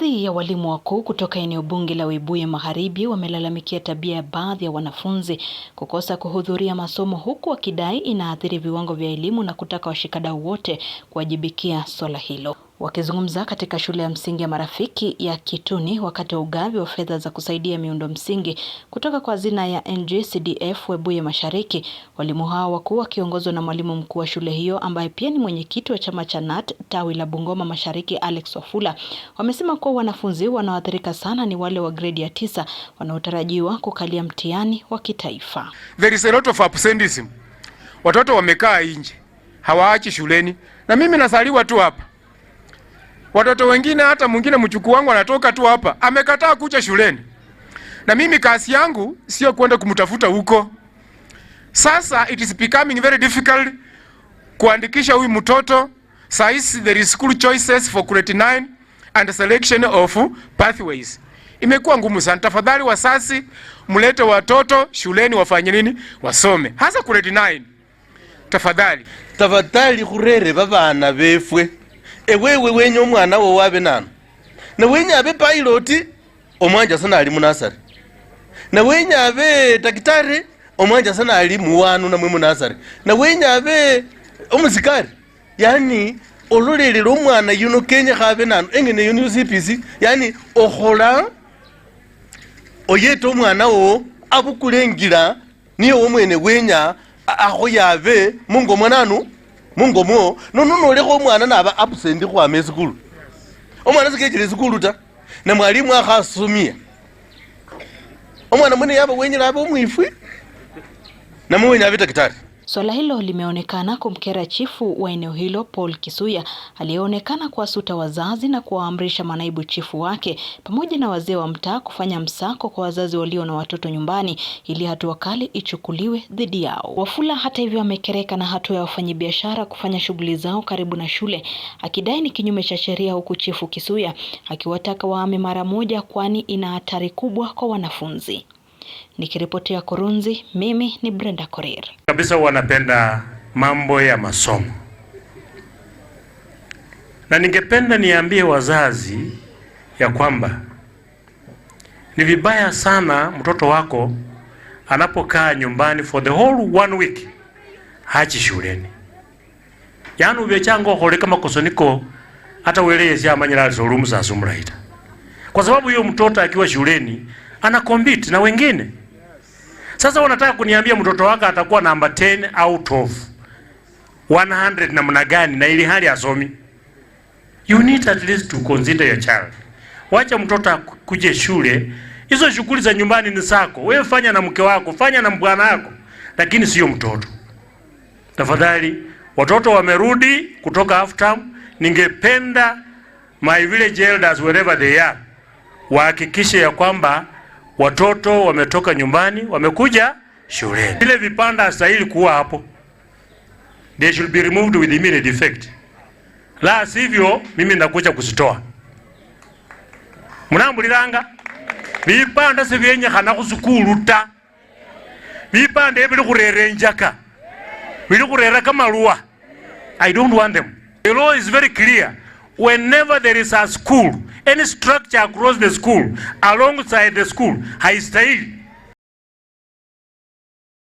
Baadhi ya walimu wakuu kutoka eneo bunge la Webuye Magharibi wamelalamikia tabia ya baadhi ya wanafunzi kukosa kuhudhuria masomo huku wakidai inaathiri viwango vya elimu na kutaka washikadau wote kuwajibikia swala hilo. Wakizungumza katika shule ya msingi ya Marafiki ya Kituni wakati wa ugavi wa fedha za kusaidia miundo msingi kutoka kwa hazina ya ngcdf Webuye Mashariki, walimu hao wakuu wakiongozwa na mwalimu mkuu wa shule hiyo ambaye pia ni mwenyekiti wa chama cha nat tawi la Bungoma Mashariki, Alex Wafula, wamesema kuwa wanafunzi wanaoathirika sana ni wale wa gredi ya tisa wanaotarajiwa kukalia mtihani wa kitaifa. There is a lot of absenteeism. Watoto wamekaa nje, hawaachi shuleni, na mimi nasaliwa tu hapa Watoto wengine hata mwingine mchukuu wangu anatoka tu hapa, amekataa kuja shuleni, na mimi kazi yangu sio kwenda kumtafuta huko. Sasa it is becoming very difficult kuandikisha huyu mtoto saisi. There is school choices for grade 9 and selection of pathways imekuwa ngumu sana. Tafadhali wasasi, mlete watoto shuleni wafanye nini? Wasome hasa grade 9 tafadhali, tafadhali kurere babana befwe ewewe wenya omwana wo wabe nano nawenya abe piloti omwanja sana ali munasari nawenya abe takitari omwanja sana ali muwanu namwe munasari nawenya abe omusikari yani ololelela omwana yuno kenyekha abe nano engene yuno yucpc yani okhola oyeta omwana wo abukula engila niye womwene wenya akhoyabe mungo mwananu mungo mwo nonunolekho omwana naba absent khukhwama esikulu omwana sikechile esikulu ta nemwalimu akhasomia omwana mwene yaba wenyela abe omwifwi namuwenya abe dakitari Swala hilo limeonekana kumkera chifu wa eneo hilo Paul Kisuya aliyeonekana kuwasuta wazazi na kuwaamrisha manaibu chifu wake pamoja na wazee wa mtaa kufanya msako kwa wazazi walio na watoto nyumbani ili hatua kali ichukuliwe dhidi yao. Wafula hata hivyo amekereka na hatua ya wafanyabiashara kufanya shughuli zao karibu na shule akidai ni kinyume cha sheria, huku chifu Kisuya akiwataka waame mara moja, kwani ina hatari kubwa kwa wanafunzi. Nikiripotia Kurunzi, mimi ni Brenda Korir. Kabisa wanapenda mambo ya masomo, na ningependa niambie wazazi ya kwamba ni vibaya sana mtoto wako anapokaa nyumbani for the whole one week hachi shuleni yaani ubechanga khole kama kosoniko hata weleye syamanyira alisolumu sasumulaita kwa sababu hiyo mtoto akiwa shuleni ana na wengine. Sasa wanataka kuniambia mtoto wako atakuwa namba 10 out of 100 namna gani, na ili hali asomi? You need at least to consider your child. Wacha mtoto kuje shule, hizo shughuli za nyumbani ni sako wewe, fanya na mke wako, fanya na bwana wako, lakini sio mtoto. Tafadhali, watoto wamerudi kutoka half term, ningependa my village elders wherever they are wahakikishe ya kwamba watoto wametoka nyumbani wamekuja shuleni. Vile vipanda hastahili kuwa hapo, they should be removed with immediate effect, la sivyo mimi ndakuja kuzitoa. Mnambuliranga vipanda sivyenyekhana khusukulu ta vipanda bili khurera enjaka bili khurera kamaluwa I don't want them. The law is very clear. Whenever there is a school Any structure across the school alongside the school haistahili